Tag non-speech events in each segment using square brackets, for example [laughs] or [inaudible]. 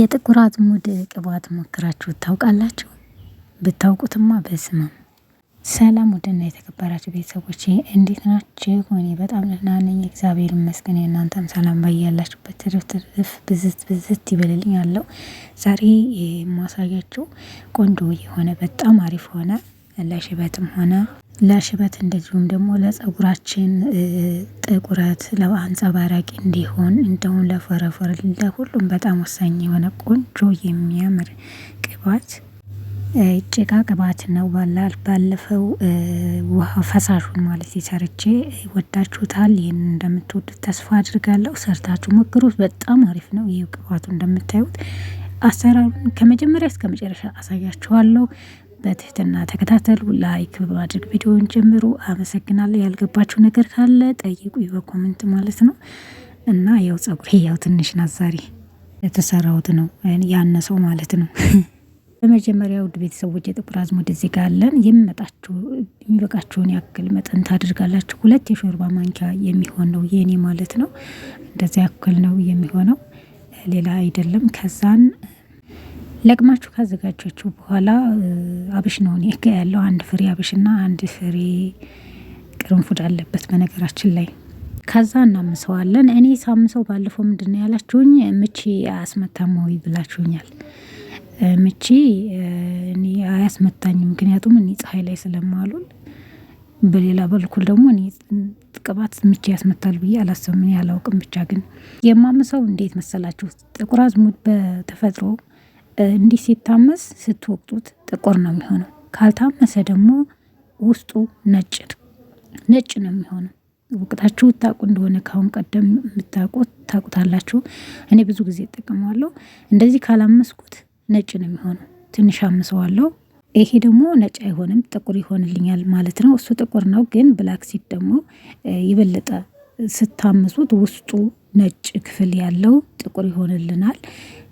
የጥቁር አዝሙድ ቅባት ሞክራችሁ ታውቃላችሁ? ብታውቁትማ በስመ ሰላም ውድና የተከበራችሁ ቤተሰቦች እንዴት ናችሁ? እኔ በጣም ደህና ነኝ፣ እግዚአብሔር ይመስገን። እናንተም ሰላም ባያላችሁበት ትርፍ ብዝት ብዝት ይበልልኝ አለው። ዛሬ የማሳያችሁ ቆንጆ የሆነ በጣም አሪፍ ሆነ ለሽበትም ሆነ ለሽበት እንደዚሁም ደግሞ ለጸጉራችን ጥቁረት ለአንጸባራቂ እንዲሆን እንደውም ለፎረፎር ለሁሉም በጣም ወሳኝ የሆነ ቆንጆ የሚያምር ቅባት ጭቃ ቅባት ነው። ባለፈው ውሃ ፈሳሹን ማለት የሰርቼ ወዳችሁታል። ይህን እንደምትወዱት ተስፋ አድርጋለሁ። ሰርታችሁ ሞክሩት። በጣም አሪፍ ነው። ይህ ቅባቱ እንደምታዩት አሰራሩን ከመጀመሪያ እስከ መጨረሻ አሳያችኋለሁ። በትህትና ተከታተሉ። ላይክ በማድረግ ቪዲዮን ጀምሩ። አመሰግናለሁ። ያልገባችሁ ነገር ካለ ጠይቁ በኮመንት ማለት ነው። እና ያው ጸጉሬ ያው ትንሽ ናዛሪ የተሰራውት ነው ያነሰው ማለት ነው። [laughs] በመጀመሪያ ውድ ቤተሰቦች የጥቁር አዝሙድ እዚህ ጋር አለን። የሚመጣችሁ የሚበቃችሁን ያክል መጠን ታድርጋላችሁ። ሁለት የሾርባ ማንኪያ የሚሆን ነው የእኔ ማለት ነው። እንደዚያ ያክል ነው የሚሆነው ሌላ አይደለም። ከዛን ለቅማችሁ ካዘጋጃችሁ በኋላ አብሽ ነው እኔ ጋ ያለው። አንድ ፍሬ አብሽና አንድ ፍሬ ቅርንፉድ አለበት በነገራችን ላይ። ከዛ እናምሰዋለን። እኔ ሳምሰው ባለፈው ምንድን ነው ያላችሁኝ? ምቺ አያስመታም ወይ ብላችሁኛል። ምቺ እኔ አያስመታኝም፣ ምክንያቱም እኔ ፀሐይ ላይ ስለማሉል። በሌላ በልኩል ደግሞ እኔ ቅባት ምቺ ያስመታል ብዬ አላሰብም፣ ያላውቅም ብቻ ግን የማምሰው እንዴት መሰላችሁ? ጥቁር አዝሙድ በተፈጥሮ እንዲህ ሲታመስ ስትወቅጡት ጥቁር ነው የሚሆነው። ካልታመሰ ደግሞ ውስጡ ነጭ ነጭ ነው የሚሆነው። ወቅታችሁ ታቁ እንደሆነ ካሁን ቀደም የምታውቁት ታቁታላችሁ። እኔ ብዙ ጊዜ እጠቀመዋለሁ። እንደዚህ ካላመስኩት ነጭ ነው የሚሆነው። ትንሽ አምሰዋለሁ። ይሄ ደግሞ ነጭ አይሆንም፣ ጥቁር ይሆንልኛል ማለት ነው። እሱ ጥቁር ነው፣ ግን ብላክ ሲድ ደግሞ የበለጠ ስታምሱት ውስጡ ነጭ ክፍል ያለው ጥቁር ይሆንልናል።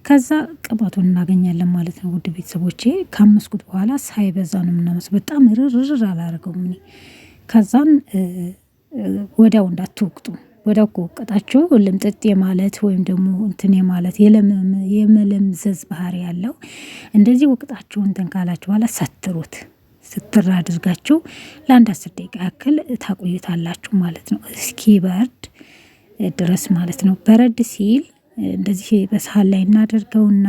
ከዛ ቅባቱን እናገኛለን ማለት ነው። ውድ ቤተሰቦቼ ካመስኩት በኋላ ሳይበዛ ነው የምናመስ። በጣም ርርር አላደርገውም እኔ። ከዛን ወዲያው እንዳትወቅጡ ወዲያው ከወቀጣችሁ ልምጥጥ የማለት ወይም ደግሞ እንትን የማለት የመለምዘዝ ባህሪ ያለው እንደዚህ ወቅጣችሁ እንትን ካላችሁ በኋላ ሰትሩት ስትር አድርጋችሁ ለአንድ አስር ደቂቃ ያክል ታቆዩታላችሁ ማለት ነው። እስኪ በርድ ድረስ ማለት ነው። በረድ ሲል እንደዚህ በሳህን ላይ እናደርገውና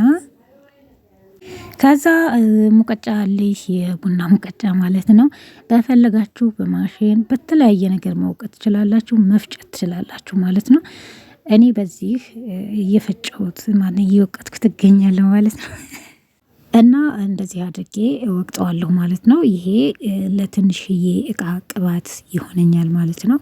ከዛ ሙቀጫ አለሽ የቡና ሙቀጫ ማለት ነው። በፈለጋችሁ በማሽን በተለያየ ነገር መውቀት ትችላላችሁ፣ መፍጨት ትችላላችሁ ማለት ነው። እኔ በዚህ እየፈጨሁት ማለት እየወቀትኩ ትገኛለሁ ማለት ነው። እና እንደዚህ አድርጌ ወቅጠዋለሁ ማለት ነው። ይሄ ለትንሽዬ እቃ ቅባት ይሆነኛል ማለት ነው።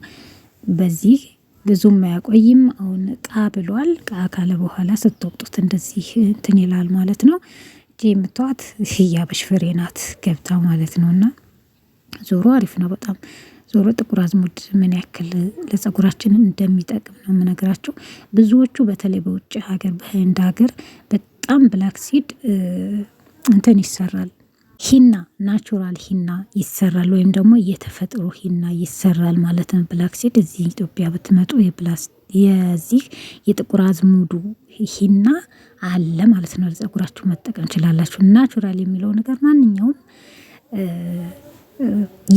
በዚህ ብዙም አያቆይም። አሁን ቃ ብሏል። ቃ ካለ በኋላ ስትወጡት እንደዚህ እንትን ይላል ማለት ነው። እጅ የምትዋት የአበሽ ፍሬ ናት ገብታ ማለት ነው። እና ዞሮ አሪፍ ነው በጣም ዞሮ ጥቁር አዝሙድ ምን ያክል ለጸጉራችን እንደሚጠቅም ነው የምነግራቸው። ብዙዎቹ በተለይ በውጭ ሀገር፣ በህንድ ሀገር በጣም ብላክ ሲድ እንትን ይሰራል ሂና ናቹራል ሂና ይሰራል ወይም ደግሞ የተፈጥሮ ሂና ይሰራል ማለት ነው። ብላክሲድ እዚህ ኢትዮጵያ ብትመጡ የዚህ የጥቁር አዝሙዱ ሂና አለ ማለት ነው። ለጸጉራችሁ መጠቀም እንችላላችሁ። ናቹራል የሚለው ነገር ማንኛውም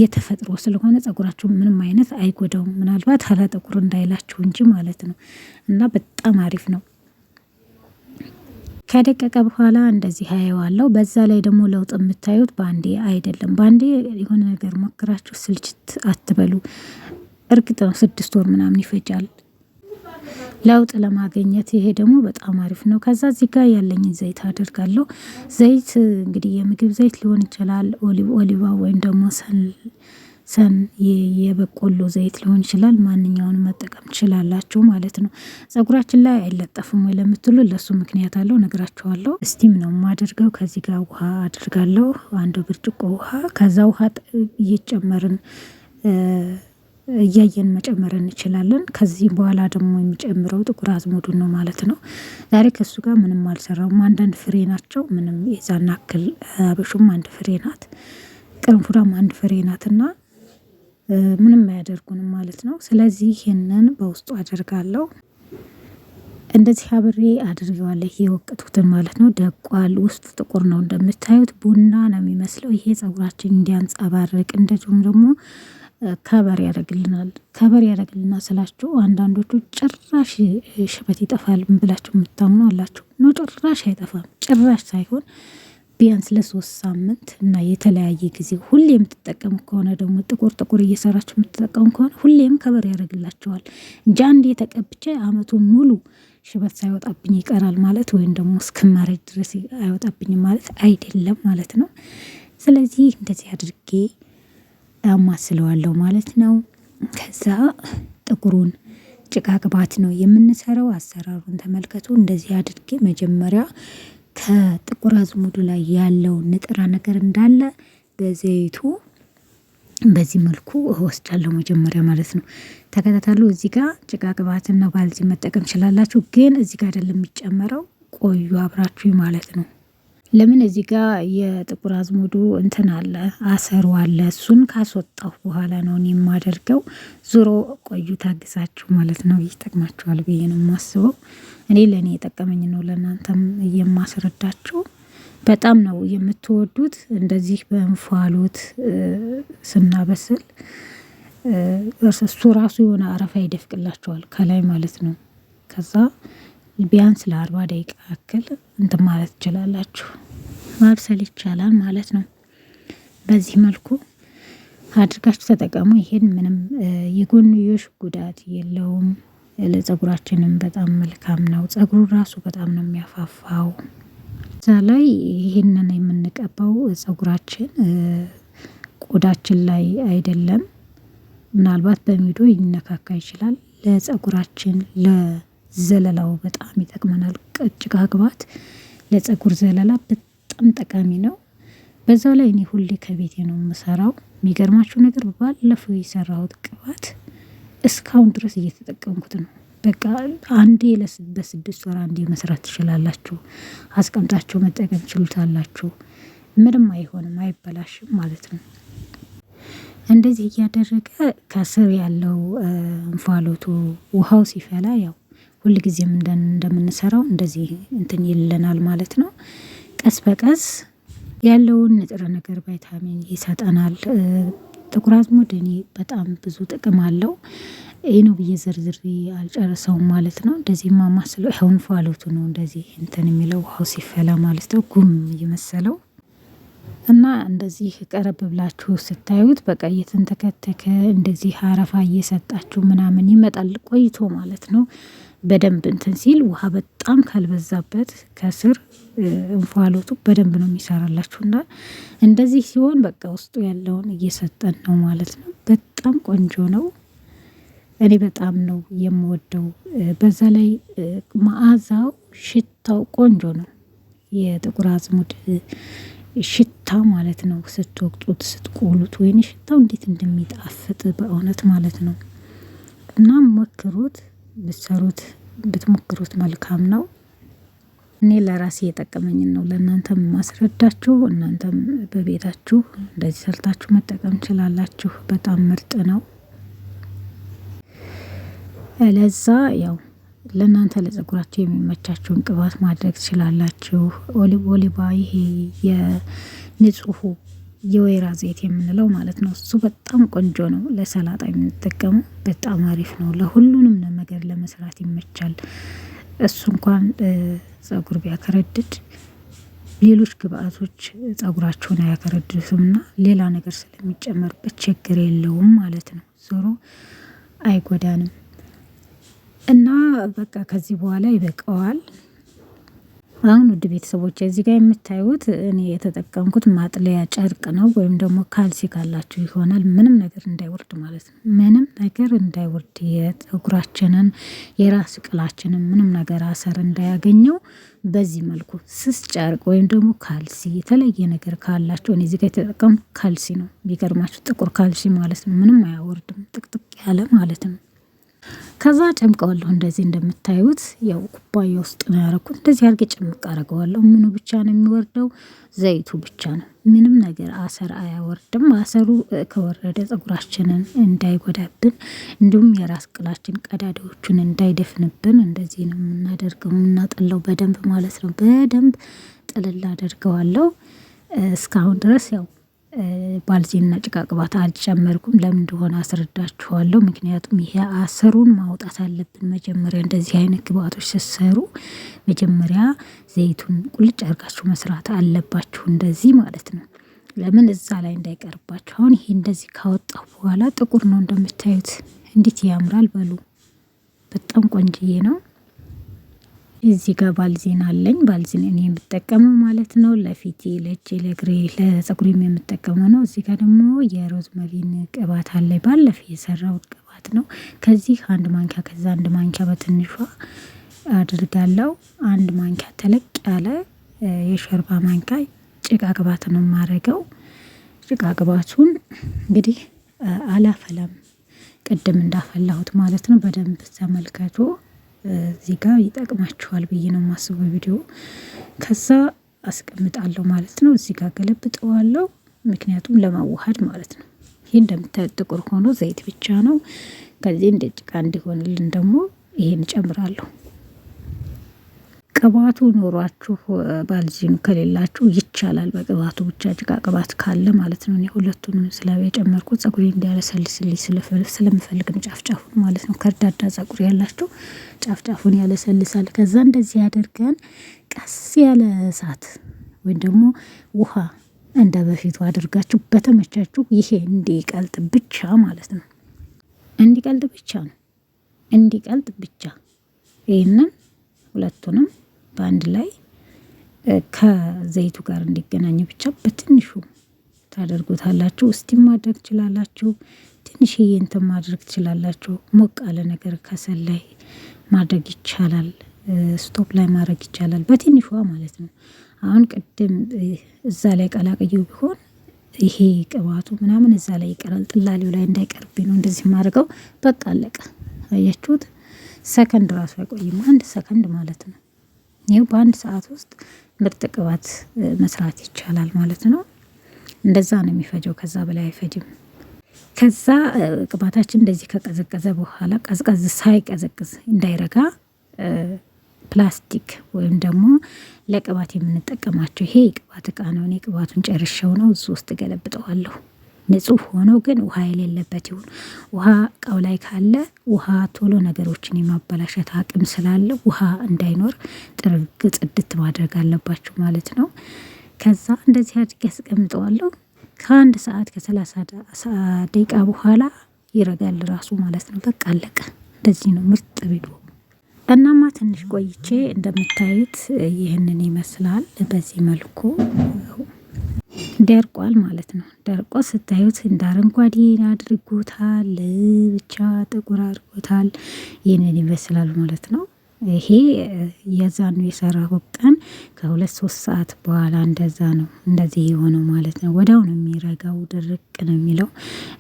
የተፈጥሮ ስለሆነ ጸጉራችሁ ምንም አይነት አይጎዳውም። ምናልባት ሀላ ጠቁር እንዳይላችሁ እንጂ ማለት ነው። እና በጣም አሪፍ ነው። ከደቀቀ በኋላ እንደዚህ አየዋለሁ። በዛ ላይ ደግሞ ለውጥ የምታዩት በአንዴ አይደለም። በአንዴ የሆነ ነገር ሞክራችሁ ስልችት አትበሉ። እርግጥ ነው ስድስት ወር ምናምን ይፈጃል ለውጥ ለማግኘት። ይሄ ደግሞ በጣም አሪፍ ነው። ከዛ እዚህ ጋር ያለኝን ዘይት አደርጋለሁ። ዘይት እንግዲህ የምግብ ዘይት ሊሆን ይችላል፣ ኦሊቫ ወይም ደግሞ ሰን የበቆሎ ዘይት ሊሆን ይችላል። ማንኛውንም መጠቀም ትችላላችሁ ማለት ነው። ጸጉራችን ላይ አይለጠፍም ወይ ለምትሉ ለእሱ ምክንያት አለው ነግራችኋለሁ። እስቲም ነው የማደርገው። ከዚህ ጋር ውሃ አድርጋለሁ፣ አንዱ ብርጭቆ ውሃ። ከዛ ውሃ እየጨመርን እያየን መጨመር እንችላለን። ከዚህ በኋላ ደግሞ የሚጨምረው ጥቁር አዝሙዱን ነው ማለት ነው። ዛሬ ከእሱ ጋር ምንም አልሰራውም። አንዳንድ ፍሬ ናቸው፣ ምንም የዛን ያክል አብሹም አንድ ፍሬ ናት፣ ቅርንፉዳም አንድ ፍሬ ናትና ምንም አያደርጉንም ማለት ነው። ስለዚህ ይህንን በውስጡ አደርጋለሁ። እንደዚህ አብሬ አድርገዋለሁ። ይሄ ማለት ነው። ደቋል። ውስጥ ጥቁር ነው እንደምታዩት፣ ቡና ነው የሚመስለው። ይሄ ጸጉራችን እንዲያንጸባርቅ እንደዚሁም ደግሞ ከበር ያደርግልናል። ከበር ያደርግልናል ስላችሁ አንዳንዶቹ ጭራሽ ሽበት ይጠፋል ብላችሁ የምታምኑ አላችሁ። ኖ ጭራሽ አይጠፋም። ጭራሽ ሳይሆን ቢያንስ ለሶስት ሳምንት እና የተለያየ ጊዜ ሁሌ የምትጠቀሙ ከሆነ ደግሞ ጥቁር ጥቁር እየሰራችሁ የምትጠቀሙ ከሆነ ሁሌም ከበር ያደርግላቸዋል እንጂ አንዴ ተቀብቼ አመቱን ሙሉ ሽበት ሳይወጣብኝ ይቀራል ማለት ወይም ደግሞ እስክመረጅ ድረስ አይወጣብኝም ማለት አይደለም ማለት ነው። ስለዚህ እንደዚህ አድርጌ አማስለዋለሁ ማለት ነው። ከዛ ጥቁሩን ጭቃ ቅባት ነው የምንሰራው። አሰራሩን ተመልከቱ። እንደዚህ አድርጌ መጀመሪያ ከጥቁር አዝሙዱ ላይ ያለው ንጥረ ነገር እንዳለ በዘይቱ በዚህ መልኩ እወስዳለሁ መጀመሪያ ማለት ነው። ተከታተሉ። እዚህ ጋር ጭቃ ቅባትና ባልዚ መጠቀም ይችላላችሁ፣ ግን እዚህ ጋር አይደለም የሚጨመረው። ቆዩ አብራችሁ ማለት ነው። ለምን እዚህ ጋር የጥቁር አዝሙዱ እንትን አለ፣ አሰሩ አለ። እሱን ካስወጣሁ በኋላ ነው እኔ የማደርገው። ዙሮ ቆዩ ታግሳችሁ ማለት ነው። ይጠቅማችኋል ብዬ ነው የማስበው። እኔ ለእኔ የጠቀመኝ ነው ለእናንተም የማስረዳችሁ። በጣም ነው የምትወዱት እንደዚህ በእንፋሎት ስናበስል እሱ ራሱ የሆነ አረፋ ይደፍቅላቸዋል ከላይ ማለት ነው። ከዛ ቢያንስ ለአርባ ደቂቃ ያክል እንትን ማለት ትችላላችሁ ማብሰል ይቻላል ማለት ነው። በዚህ መልኩ አድርጋችሁ ተጠቀሙ። ይሄን ምንም የጎንዮሽ ጉዳት የለውም። ለፀጉራችንም በጣም መልካም ነው። ጸጉሩ ራሱ በጣም ነው የሚያፋፋው። እዛ ላይ ይህንን የምንቀባው ፀጉራችን ቆዳችን ላይ አይደለም። ምናልባት በሚዶ ይነካካ ይችላል። ለፀጉራችን ለዘለላው በጣም ይጠቅመናል። ቀጭቃ ቅባት ለፀጉር ዘለላ በጣም ጠቃሚ ነው። በዛው ላይ እኔ ሁሌ ከቤቴ ነው የምሰራው። የሚገርማችሁ ነገር ባለፈው የሰራሁት ቅባት እስካሁን ድረስ እየተጠቀምኩት ነው። በቃ አንዴ በስድስት ወር አንዴ መስራት ትችላላችሁ። አስቀምጣችሁ መጠቀም ችሉታላችሁ። ምንም አይሆንም፣ አይበላሽም ማለት ነው። እንደዚህ እያደረገ ከስር ያለው እንፋሎቱ ውሃው ሲፈላ ያው ሁል ጊዜም እንደምንሰራው እንደዚህ እንትን ይልናል ማለት ነው። ቀስ በቀስ ያለውን ንጥረ ነገር ቫይታሚን ይሰጠናል። ጥቁር አዝሙድ እኔ በጣም ብዙ ጥቅም አለው። ይህ ነው ብዬ ዝርዝር አልጨርሰውም ማለት ነው። እንደዚህ ማማስለው ይኸውን ፏሎቱ ነው እንደዚህ እንትን የሚለው ውሃው ሲፈላ ማለት ነው ጉም እየመሰለው እና እንደዚህ ቀረብ ብላችሁ ስታዩት በቃ እየተንተከተከ እንደዚህ አረፋ እየሰጣችሁ ምናምን ይመጣል ቆይቶ ማለት ነው። በደንብ እንትን ሲል ውሃ በጣም ካልበዛበት ከስር እንፋሎቱ በደንብ ነው የሚሰራላችሁ እና እንደዚህ ሲሆን በቃ ውስጡ ያለውን እየሰጠን ነው ማለት ነው። በጣም ቆንጆ ነው። እኔ በጣም ነው የምወደው። በዛ ላይ መዓዛው ሽታው ቆንጆ ነው። የጥቁር አዝሙድ ሽታ ማለት ነው። ስትወቅጡት ስትቆሉት፣ ወይኔ ሽታው እንዴት እንደሚጣፍጥ በእውነት ማለት ነው። እና ሞክሩት፣ ብትሰሩት ብትሞክሩት መልካም ነው። እኔ ለራሴ የጠቀመኝን ነው ለእናንተም ማስረዳችሁ። እናንተም በቤታችሁ እንደዚህ ሰርታችሁ መጠቀም ትችላላችሁ። በጣም ምርጥ ነው። ለዛ ያው ለእናንተ ለጸጉራቸው የሚመቻቸውን ቅባት ማድረግ ትችላላችሁ። ኦሊቭ ኦሊቫ ይሄ የንጹሁ የወይራ ዘይት የምንለው ማለት ነው። እሱ በጣም ቆንጆ ነው። ለሰላጣ የምንጠቀመው በጣም አሪፍ ነው። ለሁሉንም ነገር ለመስራት ይመቻል። እሱ እንኳን ጸጉር ቢያከረድድ ሌሎች ግብአቶች ጸጉራቸውን አያከረድዱትም እና ሌላ ነገር ስለሚጨመርበት ችግር የለውም ማለት ነው። ዞሮ አይጎዳንም። እና በቃ ከዚህ በኋላ ይበቀዋል አሁን ውድ ቤተሰቦች እዚህ ጋር የምታዩት እኔ የተጠቀምኩት ማጥለያ ጨርቅ ነው፣ ወይም ደግሞ ካልሲ ካላችሁ ይሆናል። ምንም ነገር እንዳይወርድ ማለት ነው። ምንም ነገር እንዳይወርድ የጉራችንን የራስ ቅላችንን ምንም ነገር አሰር እንዳያገኘው በዚህ መልኩ ስስ ጨርቅ ወይም ደግሞ ካልሲ፣ የተለየ ነገር ካላቸው እኔ እዚህ ጋር የተጠቀምኩት ካልሲ ነው። ቢገርማችሁ ጥቁር ካልሲ ማለት ነው። ምንም አያወርድም፣ ጥቅጥቅ ያለ ማለት ነው። ከዛ ጨምቀዋለሁ እንደዚህ እንደምታዩት ያው ኩባያ ውስጥ ነው ያደረኩት። እንደዚህ አድርጌ ጨምቅ አረገዋለሁ። ምኑ ብቻ ነው የሚወርደው? ዘይቱ ብቻ ነው። ምንም ነገር አሰር አያወርድም። አሰሩ ከወረደ ፀጉራችንን እንዳይጎዳብን እንዲሁም የራስ ቅላችን ቀዳዳዎቹን እንዳይደፍንብን እንደዚህ ነው የምናደርገው። የምናጠለው በደንብ ማለት ነው። በደንብ ጥልል አደርገዋለሁ እስካሁን ድረስ ያው ባልዚንና ጭቃ ቅባት አልጨመርኩም። ለምን እንደሆነ አስረዳችኋለሁ። ምክንያቱም ይሄ አሰሩን ማውጣት አለብን። መጀመሪያ እንደዚህ አይነት ግብአቶች ስትሰሩ መጀመሪያ ዘይቱን ቁልጭ አድርጋችሁ መስራት አለባችሁ። እንደዚህ ማለት ነው። ለምን እዛ ላይ እንዳይቀርባችሁ። አሁን ይሄ እንደዚህ ካወጣሁ በኋላ ጥቁር ነው እንደምታዩት። እንዴት ያምራል በሉ። በጣም ቆንጅዬ ነው። እዚህ ጋር ባልዚን አለኝ። ባልዚን እኔ የምጠቀመው ማለት ነው ለፊቴ፣ ለእጄ፣ ለእግሬ፣ ለጸጉሬም የምጠቀመው ነው። እዚህ ጋር ደግሞ የሮዝመሪን ቅባት አለ። ባለፈ የሰራው ቅባት ነው። ከዚህ አንድ ማንኪያ ከዛ አንድ ማንኪያ በትንሿ አድርጋለው አንድ ማንኪያ ተለቅ ያለ የሾርባ ማንኪያ ጭቃ ቅባት ነው የማረገው። ጭቃ ቅባቱን እንግዲህ አላፈላም፣ ቅድም እንዳፈላሁት ማለት ነው። በደንብ ተመልከቱ። እዚህ ጋር ይጠቅማችኋል ብዬ ነው የማስበው ቪዲዮ። ከዛ አስቀምጣለሁ ማለት ነው። እዚህ ጋር ገለብጠዋለሁ፣ ምክንያቱም ለማዋሃድ ማለት ነው። ይህ እንደምታዩት ጥቁር ሆኖ ዘይት ብቻ ነው። ከዚህ እንደ ጭቃ እንዲሆንልን ደግሞ ይሄን ጨምራለሁ። ቅባቱ ኖሯችሁ ባልዚኑ ከሌላችሁ ይቻላል። በቅባቱ ብቻ ጭቃ ቅባት ካለ ማለት ነው። እኔ ሁለቱንም ስለ የጨመርኩት ፀጉሬ እንዲያለሰልስልኝ ስለምፈልግ ጫፍጫፉን ማለት ነው። ከርዳዳ ጸጉር ያላችሁ ጫፍጫፉን ያለሰልሳል። ከዛ እንደዚህ አድርገን ቀስ ያለ እሳት ወይም ደግሞ ውሃ እንደ በፊቱ አድርጋችሁ በተመቻችሁ ይሄ እንዲቀልጥ ብቻ ማለት ነው። እንዲቀልጥ ብቻ ነው። እንዲቀልጥ ብቻ ይህንን ሁለቱንም በአንድ ላይ ከዘይቱ ጋር እንዲገናኝ ብቻ በትንሹ ታደርጉታላችሁ። ውስቲ ማድረግ ትችላላችሁ። ትንሽ እንትን ማድረግ ትችላላችሁ። ሞቅ ያለ ነገር ከሰል ላይ ማድረግ ይቻላል። ስቶፕ ላይ ማድረግ ይቻላል። በትንሿ ማለት ነው። አሁን ቅድም እዛ ላይ ቀላቅየው ቢሆን ይሄ ቅባቱ ምናምን እዛ ላይ ይቀራል። ጥላሌው ላይ እንዳይቀርብ ነው እንደዚህ ማድረገው። በቃ አለቀ። አያችሁት? ሰከንድ ራሱ አይቆይም። አንድ ሰከንድ ማለት ነው። ይህ በአንድ ሰዓት ውስጥ ምርጥ ቅባት መስራት ይቻላል ማለት ነው። እንደዛ ነው የሚፈጀው፣ ከዛ በላይ አይፈጅም። ከዛ ቅባታችን እንደዚህ ከቀዘቀዘ በኋላ ቀዝቀዝ ሳይቀዘቅዝ እንዳይረጋ ፕላስቲክ ወይም ደግሞ ለቅባት የምንጠቀማቸው ይሄ ቅባት እቃ ነው። እኔ ቅባቱን ጨርሼው ነው እሱ ውስጥ ገለብጠዋለሁ። ንጹህ ሆኖ ግን ውሃ የሌለበት ይሁን። ውሃ እቃው ላይ ካለ ውሃ ቶሎ ነገሮችን የማበላሸት አቅም ስላለ ውሃ እንዳይኖር ጥርግ ጽድት ማድረግ አለባችሁ ማለት ነው። ከዛ እንደዚህ አድርጌ ያስቀምጠዋለሁ። ከአንድ ሰዓት ከሰላሳ ደቂቃ በኋላ ይረጋል ራሱ ማለት ነው። በቃ አለቀ። እንደዚህ ነው ምርጥ ቪዲዮ። እናማ ትንሽ ቆይቼ እንደምታዩት ይህንን ይመስላል በዚህ መልኩ ደርቋል ማለት ነው። ደርቆ ስታዩት እንደ አረንጓዴ አድርጎታል፣ ብቻ ጥቁር አድርጎታል። ይህንን ይመስላል ማለት ነው። ይሄ የዛኑ የሰራሁት ቀን ከሁለት ሶስት ሰዓት በኋላ እንደዛ ነው እንደዚህ የሆነው ማለት ነው። ወዲያው ነው የሚረጋው፣ ድርቅ ነው የሚለው።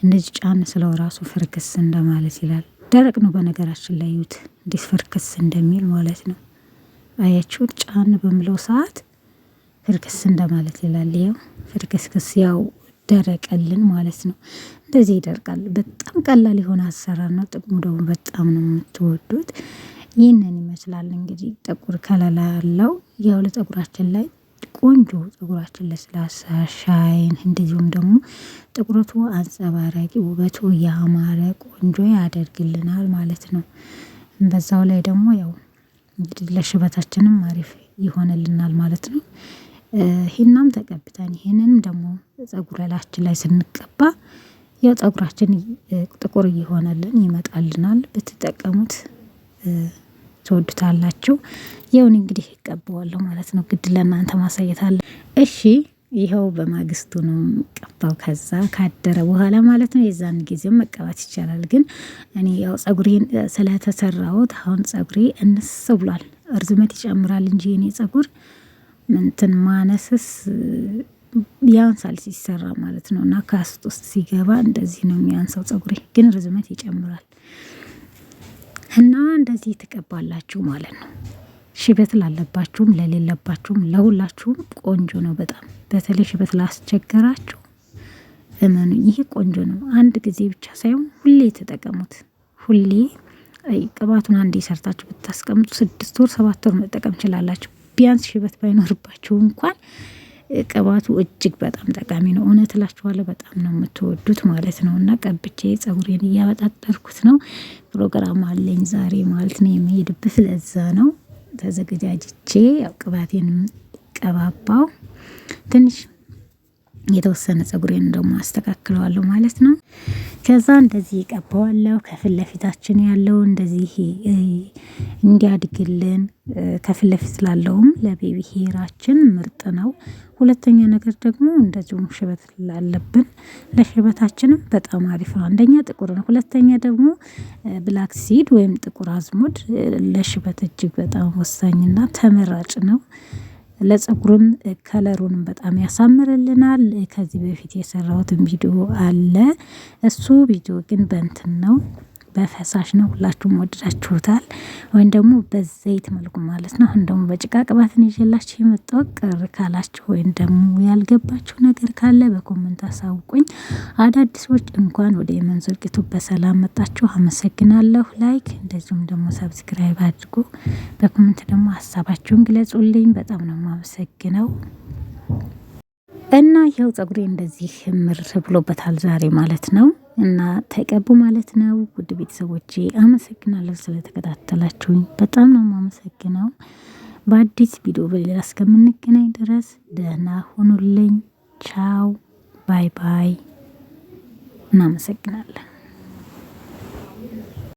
እንደዚህ ጫን ስለው ራሱ ፍርክስ እንደማለት ይላል። ደረቅ ነው በነገራችን ላይ ዩት እንዲህ ፍርክስ እንደሚል ማለት ነው። አያችሁት ጫን በምለው ሰዓት ፍርክስ እንደማለት ይላል። ያው ፍርክስክስ ያው ደረቀልን ማለት ነው። እንደዚህ ይደርቃል። በጣም ቀላል የሆነ አሰራር ነው። ጥቅሙ ደግሞ በጣም ነው የምትወዱት። ይህንን ይመስላል እንግዲህ ጥቁር ከለላ ያለው ያው ለጸጉራችን ላይ ቆንጆ ጸጉራችን ለስላሳ ሻይን፣ እንደዚሁም ደግሞ ጥቁረቱ አንጸባራቂ ውበቱ ያማረ ቆንጆ ያደርግልናል ማለት ነው። በዛው ላይ ደግሞ ያው እንግዲህ ለሽበታችንም አሪፍ ይሆንልናል ማለት ነው። ሂናም ተቀብተን ይሄንንም ደግሞ ፀጉር ላይ ስንቀባ ያው ፀጉራችን ጥቁር እየሆነልን ይመጣልናል ብትጠቀሙት ትወዱታላችሁ። የውን እንግዲህ እቀባዋለሁ ማለት ነው። ግድ ለእናንተ ማሳየት አለ። እሺ ይኸው በማግስቱ ነው ቀባው። ከዛ ካደረ በኋላ ማለት ነው የዛን ጊዜም መቀባት ይቻላል። ግን እኔ ያው ፀጉሬን ስለተሰራሁት አሁን ፀጉሬ እንስ ብሏል። እርዝመት ይጨምራል እንጂ እኔ ፀጉር እንትን ማነስስ ያንሳል ሲሰራ ማለት ነው። እና ከአስት ውስጥ ሲገባ እንደዚህ ነው የሚያንሰው። ጸጉሬ ግን ርዝመት ይጨምራል እና እንደዚህ ትቀባላችሁ ማለት ነው። ሽበት ላለባችሁም ለሌለባችሁም ለሁላችሁም ቆንጆ ነው በጣም በተለይ ሽበት ላስቸገራችሁ እመኑ፣ ይሄ ቆንጆ ነው። አንድ ጊዜ ብቻ ሳይሆን ሁሌ ተጠቀሙት። ሁሌ ቅባቱን አንዴ ሰርታችሁ ብታስቀምጡ ስድስት ወር ሰባት ወር መጠቀም ችላላችሁ። ቢያንስ ሽበት ባይኖርባቸው እንኳን ቅባቱ እጅግ በጣም ጠቃሚ ነው። እውነት እላችኋለሁ በጣም ነው የምትወዱት ማለት ነው። እና ቀብቼ ጸጉሬን እያበጣጠርኩት ነው። ፕሮግራም አለኝ ዛሬ ማለት ነው የሚሄድበት፣ ለዛ ነው ተዘገጃጅቼ ያው ቅባቴን ቀባባው ትንሽ የተወሰነ ጸጉሬን ደግሞ አስተካክለዋለሁ ማለት ነው። ከዛ እንደዚህ ቀባዋለሁ። ከፊት ለፊታችን ያለው እንደዚህ እንዲያድግልን ከፊት ለፊት ላለውም ለቤቢ ሄራችን ምርጥ ነው። ሁለተኛ ነገር ደግሞ እንደዚሁም ሽበት ላለብን ለሽበታችንም በጣም አሪፍ ነው። አንደኛ ጥቁር ነው፣ ሁለተኛ ደግሞ ብላክ ሲድ ወይም ጥቁር አዝሙድ ለሽበት እጅግ በጣም ወሳኝና ተመራጭ ነው። ለፀጉርም ከለሩንም በጣም ያሳምርልናል። ከዚህ በፊት የሰራሁትን ቪዲዮ አለ። እሱ ቪዲዮ ግን በእንትን ነው በፈሳሽ ነው። ሁላችሁም ወደዳችሁታል ወይም ደግሞ በዘይት መልኩ ማለት ነው። አሁን ደግሞ በጭቃ ቅባትን ይዤላችሁ የመጣው ቅር ካላችሁ ወይም ደግሞ ያልገባችሁ ነገር ካለ በኮመንት አሳውቁኝ። አዳዲሶች እንኳን ወደ የመንዞር ቂቱ በሰላም መጣችሁ፣ አመሰግናለሁ። ላይክ እንደዚሁም ደግሞ ሰብስክራይብ አድርጉ። በኮመንት ደግሞ ሀሳባችሁን ግለጹልኝ። በጣም ነው የማመሰግነው። እና ይኸው ጸጉሬ እንደዚህ ምር ብሎበታል ዛሬ ማለት ነው። እና ተቀቡ ማለት ነው። ውድ ቤተሰቦቼ አመሰግናለሁ ስለተከታተላችሁኝ። በጣም ነው የማመሰግነው። በአዲስ ቪዲዮ በሌላ እስከምንገናኝ ድረስ ደህና ሆኑልኝ። ቻው ባይ ባይ። እናመሰግናለን።